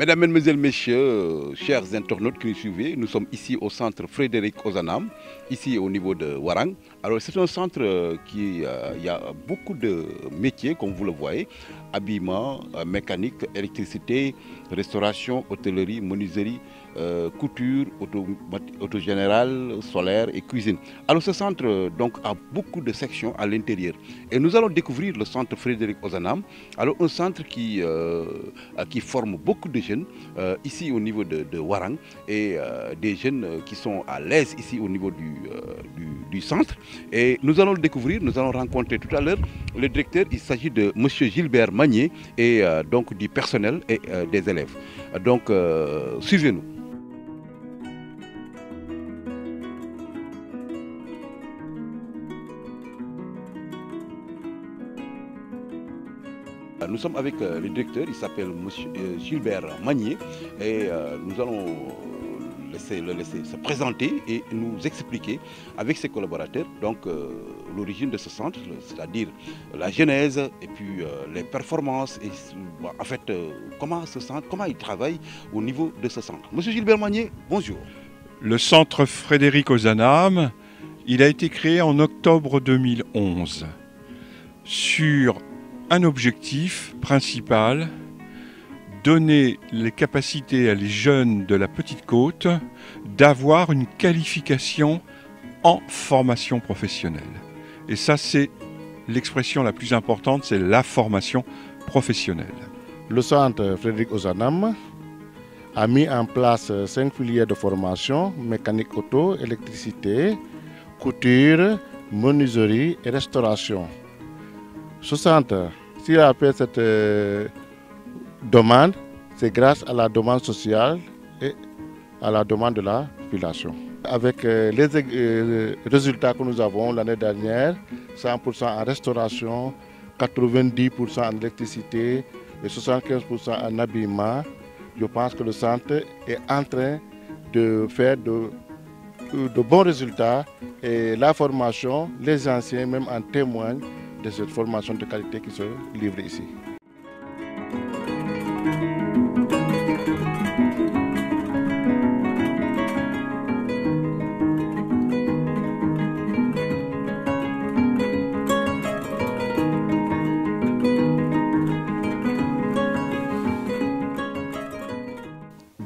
Mesdames, Mesdemoiselles, Messieurs, euh, chers internautes qui nous suivez, nous sommes ici au centre Frédéric Ozanam, ici au niveau de Warang, alors c'est un centre euh, qui euh, a beaucoup de métiers, comme vous le voyez, habillement, euh, mécanique, électricité, restauration, hôtellerie, menuiserie, couture, auto, générale, solaire et cuisine. Alors ce centre donc a beaucoup de sections à l'intérieur. Et nous allons découvrir le centre Frédéric Ozanam. Alors un centre qui, qui forme beaucoup de jeunes ici au niveau de, Warang et des jeunes qui sont à l'aise ici au niveau du centre et nous allons le découvrir, nous allons rencontrer tout à l'heure le directeur. Il s'agit de M. Gilbert Magnier et euh, donc du personnel et euh, des élèves. Donc, euh, suivez-nous. Nous sommes avec le directeur, il s'appelle M. Gilbert Magnier et nous allons laisser, le se présenter et nous expliquer avec ses collaborateurs donc euh, l'origine de ce centre, c'est-à-dire la genèse et puis euh, les performances et bah, en fait euh, comment ce centre, comment il travaille au niveau de ce centre. Monsieur Gilbert Manier, bonjour. Le centre Frédéric Ozanam, il a été créé en octobre 2011 sur un objectif principal donner les capacités à les jeunes de la petite côte d'avoir une qualification en formation professionnelle. Et ça, c'est l'expression la plus importante, c'est la formation professionnelle. Le centre Frédéric Ozanam a mis en place cinq filières de formation, mécanique auto, électricité, couture, menuiserie et restauration. Ce centre, s'il fait cette euh, demande, c'est grâce à la demande sociale et à la demande de la population. Avec euh, les euh, euh, résultats que nous avons l'année dernière, 100% en restauration, 90% en électricité et 75% en habillement, je pense que le centre est en train de faire de, de bons résultats et la formation, les anciens même en témoignent de cette formation de qualité qui se livre ici.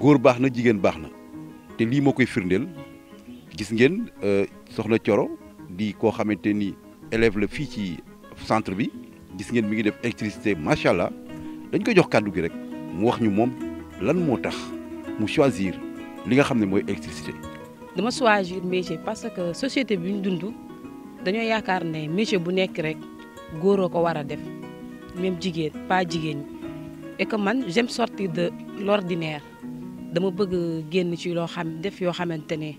góor baxna jigen baxna té li te firndel moo koy firndeel gis ngeen euh, soxna Coro di koo xamante ni élève le fi ci centre bi gis ngeen mi ngi def électricité machallah dañ ko jox kàddu gi rek mu wax ñu mom lan mo tax mu choisir li nga xamné moy électricité. dama choisir métier parce que société bi ñu dund dañoo yaakaar ne métier bu nekk rek góoroo ko war def même jigen pas jigen et que man j'aime sortir de l'ordinaire dama bëgg génn ci loo xam def yoo xamante ne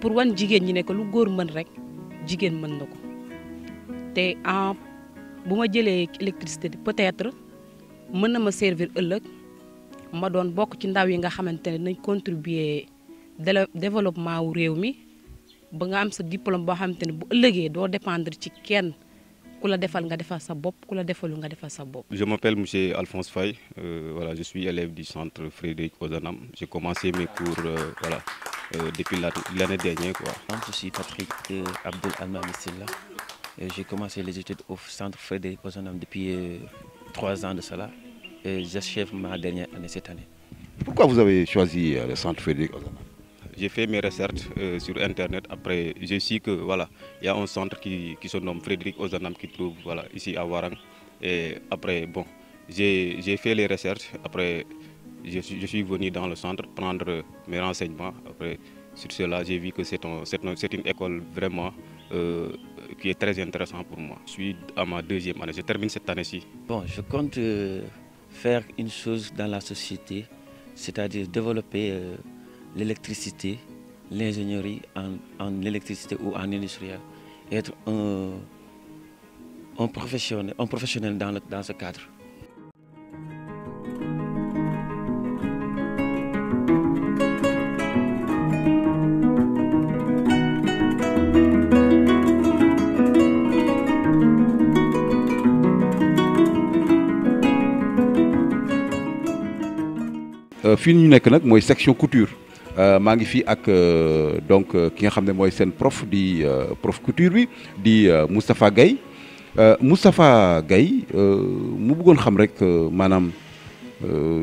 pour wan jigéen ñi ne ko lu góor mën rek jigéen mën na ko te ah bu ma jëlee électricité peut-être mën na ma servir ëllëg ma doon bokk ci ndaw yi nga xamante ne nañ contribuer développement wu réew mi ba nga am sa diplôme boo xamante ne bu ëllëgee doo dépendre ci kenn je m'appelle M. Alphonse Faye euh, voilà je suis élève du centre Frédéric Ozanam j'ai commencé mes cours euh, voilà euh, depuis l'année dernière quoi. je suis Patrick Abdel Almami et j'ai commencé les études au centre Frédéric Ozanam depuis trois ans de cela j'achève ma dernière année cette année. Pourquoi vous avez choisi le centre Frédéric Ozanam j'ai fait mes recherches euh, sur internet. Après, je sais que voilà, il y a un centre qui, se nomme Frédéric Ozanam qui trouve voilà ici à Warang. Et après, bon, j'ai fait les recherches. Après, je, je, suis venu dans le centre prendre mes renseignements. Après, sur cela, j'ai vu que c'est un, une école vraiment euh, qui est très intéressante pour moi. Je suis à ma deuxième année. Je termine cette année-ci. Bon, je compte euh, faire une chose dans la société, c'est-à-dire développer l'électricité, l'ingénierie en, en électricité ou en industriel, être un, un, professionnel, un professionnel dans, dans ce cadre. Euh, Fini une nekk section couture Euh, maa ngi fii ak euh, donc euh, ki nga xam ne mooy seen prof di prof couture bi di Moustapha Gaye Moustapha Gaye mu buggoon xam rek maanaam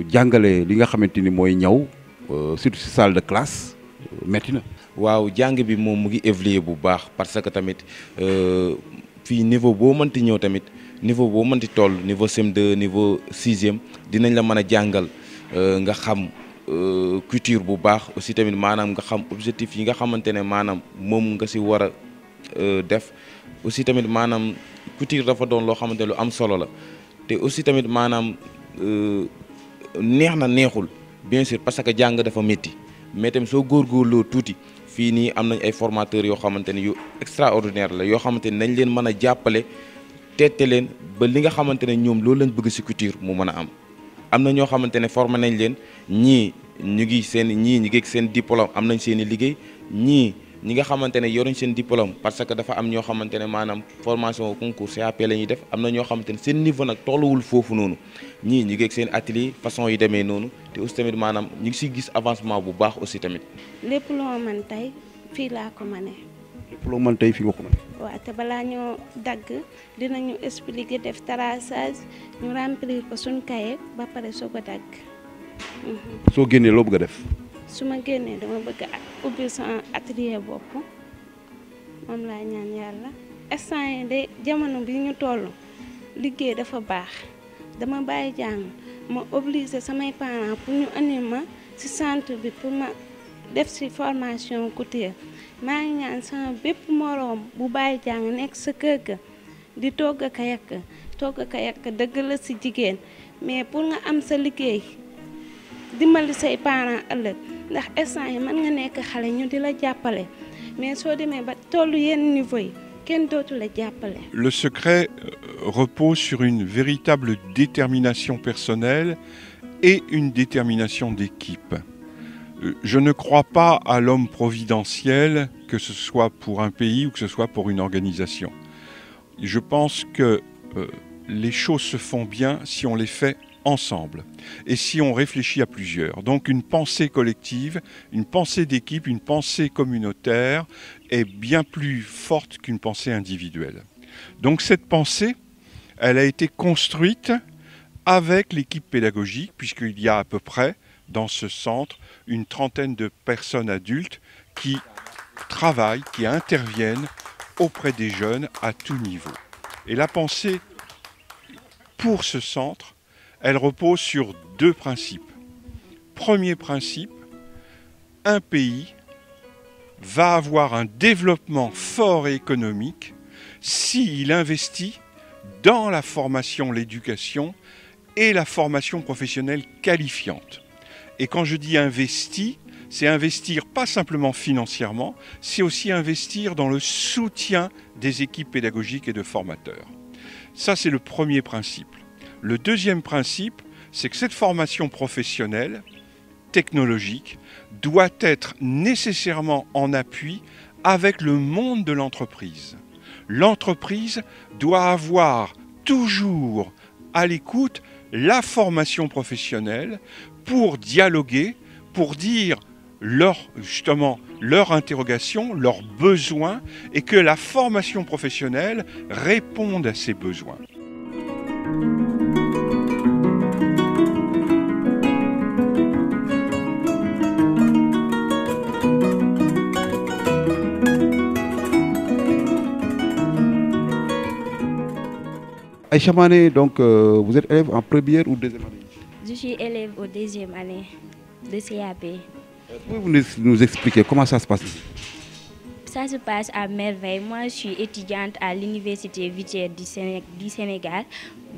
jàngale li nga xamante ni mooy ñaw surtout si salle de classe métti na. waaw jàng bi moom mu ngi évoluer bu baax parce que tamit fii niveau boo mënti ñëw tamit niveau boo mënti tool niveau CM2 niveau sixième dinañ la mën a jàngal nga xam. Euh, culture bu baax aussi tamit maanaam nga xam objectif yi nga xamante ne maanaam moom nga si war a euh, def aussi tamit maanaam culture dafa doon loo xamante lu am solo la te aussi tamit maanaam euh, neex na neexul bien sûr parce que jàng dafa métti mais tamit soo góorgóorloo tuuti fii nii am nañ ay formateurs yoo xamante ne yu extraordinaire la yoo xamante ne nañ leen mën a jàppale teete leen ba li nga xamante ne ñoom loolu lañ bëgg si culture mu mën a am am na ñoo xamante ne formé nañ leen ñii ñu ngi seen ñii ñu ngi seen diplôme am nañ seen i liggéey ñii ñi nga xamante ne yoruñ seen diplôme parce que dafa am ñoo xamante ne maanaam formation concours CAP la ñuy def am na ñoo xamante ne seen niveau nag tolluwul foofu noonu ñii ñi ngi seen atli façon yi demee noonu te aussi tamit maanaam ñu ngi siy gis avancement bu baax aussi tamit. lépp loo mën tey fii laa ko mënee lépp loo mën tey fi nga ko te balaa ñoo dagg dinañu expliquer def traçage ñu remplir ko suñ kaye ba pare soo ko dagg. Mhm. soo génnee loo bëgg a def. su ma génnee dama bëgg a ubbi sama atelier bopp moom laa ñaan yàlla instant yi de jamono bi ñu toll liggéey dafa baax dama bàyyi jàng ma obligé samay parents pour ñu andi ma ci centre bi pour ma def ci formation couture. maa ngi sama bépp morom bu bàyyi jàng nekk sa kër ga di togg ka yàkk togg ka yàkk dëgg la si jigéen mais pour nga am sa liggéey dimbali say parents ëllëg ndax instant yi mën nga nekk xale ñu di la jàppale mais soo demee ba tollu yenn niveau yi kenn dootu la jàppale. Le secret euh, repose sur une véritable détermination personnelle et une détermination d'équipe. Euh, je ne crois pas à l'homme providentiel, que ce soit pour un pays ou que ce soit pour une organisation. Je pense que euh, les choses se font bien si on les fait ensemble et si on réfléchit à plusieurs. Donc une pensée collective, une pensée d'équipe, une pensée communautaire est bien plus forte qu'une pensée individuelle. Donc cette pensée, elle a été construite avec l'équipe pédagogique, puisqu'il y a à peu près dans ce centre une trentaine de personnes adultes qui travaillent, qui interviennent auprès des jeunes à tout niveau. Et la pensée pour ce centre, elle repose sur deux principes. Premier principe, un pays va avoir un développement fort et économique s'il investit dans la formation, l'éducation et la formation professionnelle qualifiante. Et quand je dis investi, c'est investir pas simplement financièrement, c'est aussi investir dans le soutien des équipes pédagogiques et de formateurs. Ça, c'est le premier principe. Le deuxième principe, c'est que cette formation professionnelle, technologique, doit être nécessairement en appui avec le monde de l'entreprise. L'entreprise doit avoir toujours à l'écoute la formation professionnelle pour dialoguer, pour dire leur justement leurs interrogations, leurs besoins et que la formation professionnelle réponde à ces besoins. Aïcha Mané, donc euh, vous êtes élève en première ou deuxième année je suis élève au deuxième année de CAP. Pouvez-vous nous, expliquer comment ça se passe Ça se passe à merveille. Moi, je suis étudiante à l'Université Vitière du Sénégal.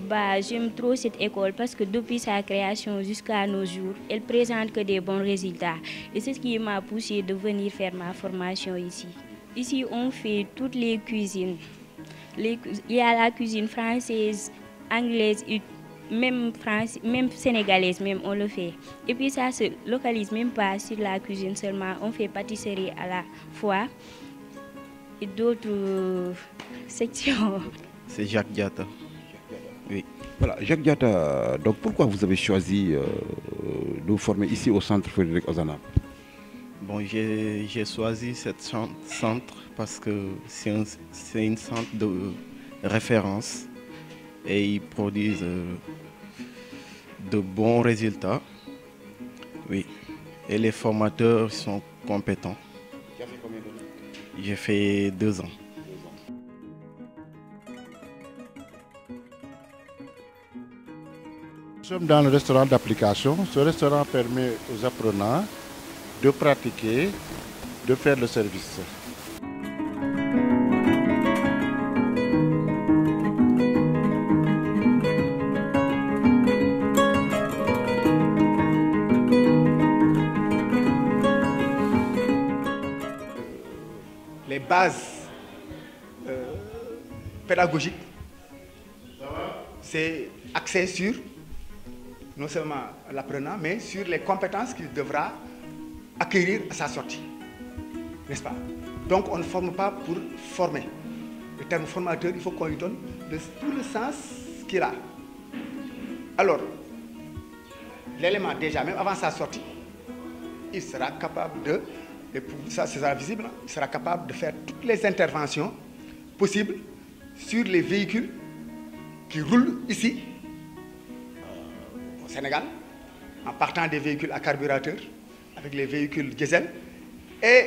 Bah, J'aime trop cette école parce que depuis sa création jusqu'à nos jours, elle présente que des bons résultats. Et c'est ce qui m'a poussé de venir faire ma formation ici. Ici, on fait toutes les cuisines. il y a la cuisine française, anglaise, même France, même sénégalaise, même on le fait. Et puis ça se localise même pas sur la cuisine seulement, on fait pâtisserie à la fois et d'autres euh, sections. C'est Jacques Diatta. Jacques Diatta, donc pourquoi vous avez choisi euh, euh, de vous former ici au centre Frédéric Ozana Bon, j'ai choisi ce centre parce que c'est un, une centre de référence et ils produisent euh, de bons résultats. Oui. Et les formateurs sont compétents. Tu as fait J'ai fait deux ans. Nous sommes dans le restaurant d'application. Ce restaurant permet aux apprenants de pratiquer, de faire le service. base euh, pédagogique, c'est axé sur non seulement l'apprenant, mais sur les compétences qu'il devra acquérir à sa sortie. N'est-ce pas Donc on ne forme pas pour former. Le terme formateur, il faut qu'on lui donne tout le sens qu'il a. Alors, l'élément déjà, même avant sa sortie, il sera capable de et pour ça, ce sera visible, il sera capable de faire toutes les interventions possibles sur les véhicules qui roulent ici, euh, au Sénégal, en partant des véhicules à carburateur, avec les véhicules diesel et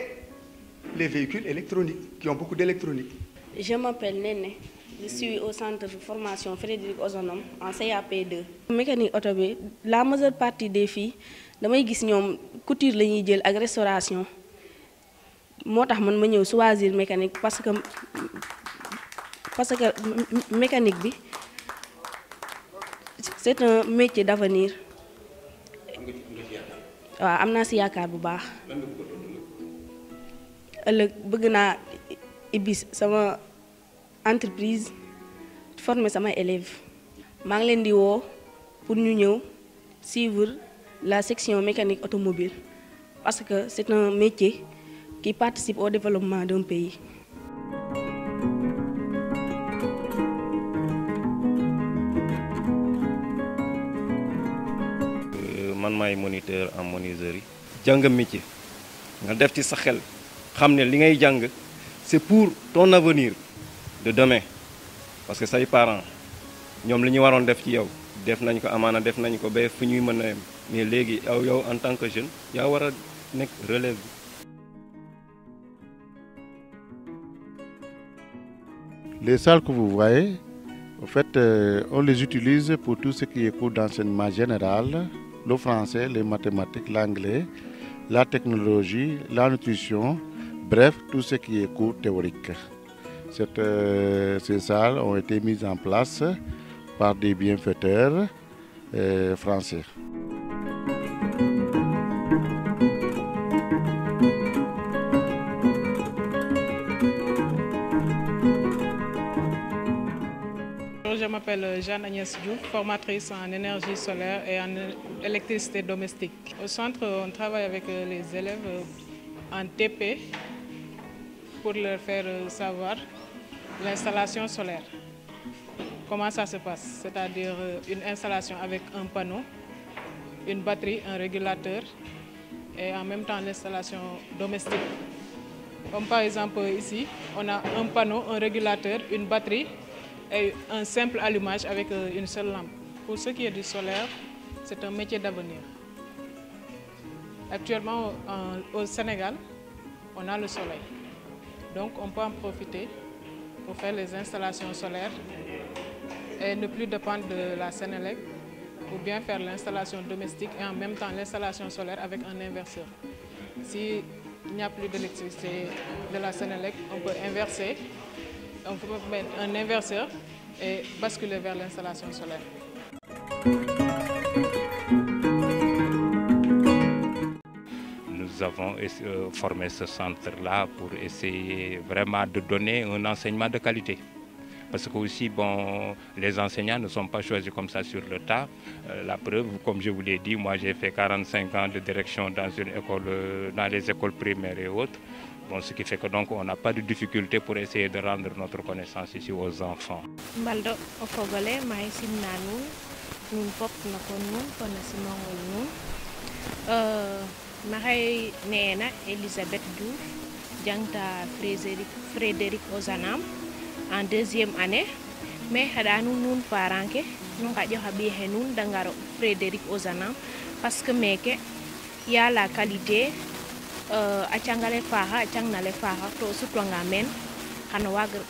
les véhicules électroniques, qui ont beaucoup d'électronique. Je m'appelle Néné. Je suis au centre de formation Frédéric Ozonom en CAP2. Mécanique automobile, la majeure partie des filles, je vois qu'elles couture et restauration motax man ma ñëw choisir mécanique parce que parce que mécanique bi c'est un métier d'avenir wa amna naa si yaakaar bu baax ëlëk bëgg naa ibbi sama entreprise former sama élèves maa ngi leen di woo pour ñu ñëw suivre la section mécanique automobile parce que c'est un métier qui participent au développement d'un pays. je euh, suis moniteur en C'est un métier nga c'est pour ton avenir de demain parce que tes parents li def ci yow ko amana ko mais en tant que jeune relève Les salles que vous voyez, en fait, euh, on les utilise pour tout ce qui est cours d'enseignement général, le français, les mathématiques, l'anglais, la technologie, la nutrition, bref, tout ce qui est cours théorique. Euh, ces salles ont été mises en place par des bienfaiteurs euh, français. m'appelle euh, Jeanne-Agnès Diouf, formatrice en énergie solaire et en électricité domestique. Au centre, on travaille avec euh, les élèves euh, en TP pour leur faire savoir l'installation solaire. Comment ça se passe C'est-à-dire une installation avec un panneau, une batterie, un régulateur et en même temps l'installation domestique. Comme par exemple ici, on a un panneau, un régulateur, une batterie un simple allumage avec euh, une seule lampe. Pour ce qui est du solaire, c'est un métier d'avenir. Actuellement, au Sénégal, on a le soleil. Donc, on peut en profiter pour faire les installations solaires et ne plus dépendre de la Sénélec ou bien faire l'installation domestique et en même temps l'installation solaire avec un inverseur. S'il n'y a plus d'électricité de la Sénélec, on peut inverser on peut mettre un inverseur et basculer vers l'installation solaire. Nous avons euh, formé ce centre-là pour essayer vraiment de donner un enseignement de qualité parce que aussi, les enseignants ne sont pas choisis comme ça sur le tas. Euh, la preuve, comme je vous l'ai dit, moi j'ai fait 45 ans de direction dans une école, euh, dans les écoles primaires et autres. Bon, ce qui fait que donc on n'a pas de difficulté pour essayer de rendre notre connaissance ici aux enfants. Maldo o fogole may simna nun nun pop na ko nun ko na Elisabeth Diouf jangta Frédéric Frédéric Ozanam en deuxième année mais xeɗanu nun parent ke nu ngaƴo xa ɓiy dangaro nun Frédéric Ozanam parce que meke y a la qualité euh, a cangale faaxa a cangnale faaxa to o sutwanga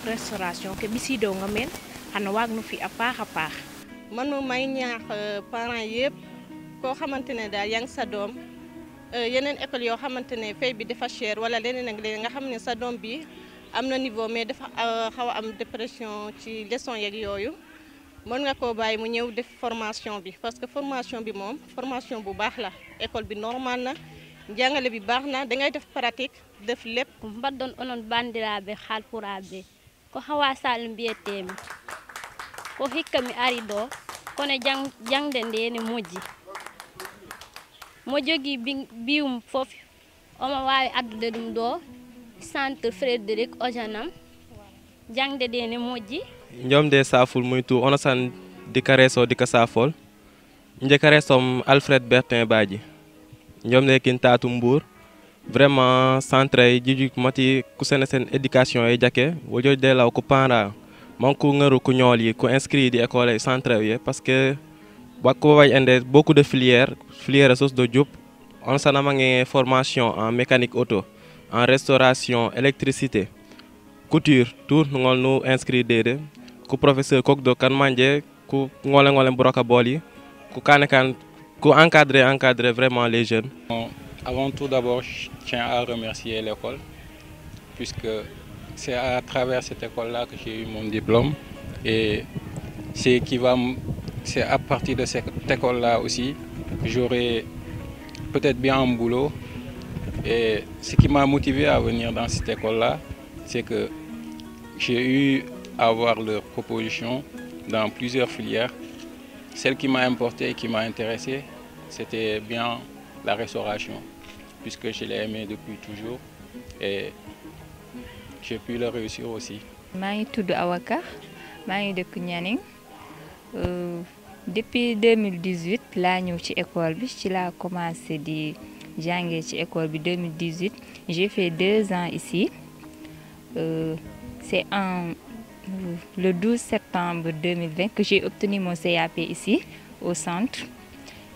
restauration ke ɓisiidonga meen xana waag no fi a paax a paax man moom may ñaax eh, parents yëpp koo xamante ne daal yaa sadom sa doom eh, yeneen école yoo xamante fay bi dafa cher wala leneen ak leneen nga xam ne sa bi am niveau mais dafa eh, xaw am dépression ci leçon yeeg yooyu mën nga koo bàyyi mu ñëw def formation bi parce que formation bi mom, formation bu baax la école bi normal na jàngale bi baax na dangay def pratique def lépp mbaɗɗon onon bandiraɓe halpuraɓe ko hawa bi etem ko hikka mi ari ɗo jang jangde ndene moji mo jogii biwum fof omo waawi addude ɗum ɗo centre frédéric ojanam jangde ɗe moji. moƴƴi de saful onasan onosan kareso reso ka safol jeka kareso alfred bertin baji ñoom nekin taatu mbour vraiment centre e jiju mati kusene sen éducation e jake wojoojde law ko parent manku ŋaru ku ñool yi ku inscrit di école centre parce que wakku way ende beaucoup de filières filière sos do djop on sanamange formation en mécanique auto en restauration électricité couture tout ngol nu inscrit dede ku professeur kok do kan manje ku ngole ngole broka bol yi ku kane kan encadrer, encadrer vraiment les jeunes. avant tout d'abord, je tiens à remercier l'école, puisque c'est à travers cette école-là que j'ai eu mon diplôme. Et c'est qui va c'est à partir de cette école-là aussi que j'aurai peut-être bien un boulot. Et ce qui m'a motivé à venir dans cette école-là, c'est que j'ai eu à voir leurs propositions dans plusieurs filières. Celle qui m'a importé et qui m'a intéressé, c'était bien la restauration, puisque je l'ai aimé depuis toujours et j'ai pu le réussir aussi. Je tudd de euh, depuis 2018 l'année où école commencé à travailler école 2018 j'ai fait deux ans ici euh, c'est en euh, le 12 septembre 2020 que j'ai obtenu mon CAP ici au centre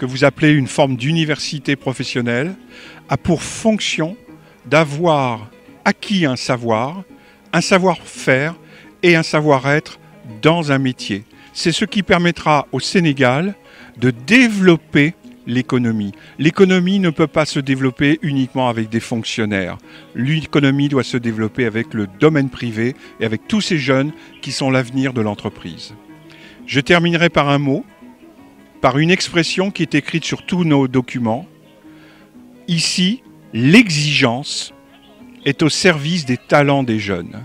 que vous appelez une forme d'université professionnelle, a pour fonction d'avoir acquis un savoir, un savoir-faire et un savoir-être dans un métier. C'est ce qui permettra au Sénégal de développer l'économie. L'économie ne peut pas se développer uniquement avec des fonctionnaires. L'économie doit se développer avec le domaine privé et avec tous ces jeunes qui sont l'avenir de l'entreprise. Je terminerai par un mot par une expression qui est écrite sur tous nos documents. Ici, l'exigence est au service des talents des jeunes.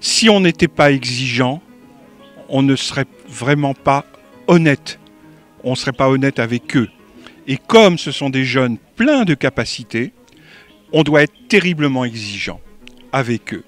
Si on n'était pas exigeant, on ne serait vraiment pas honnête. On ne serait pas honnête avec eux. Et comme ce sont des jeunes pleins de capacités, on doit être terriblement exigeant avec eux.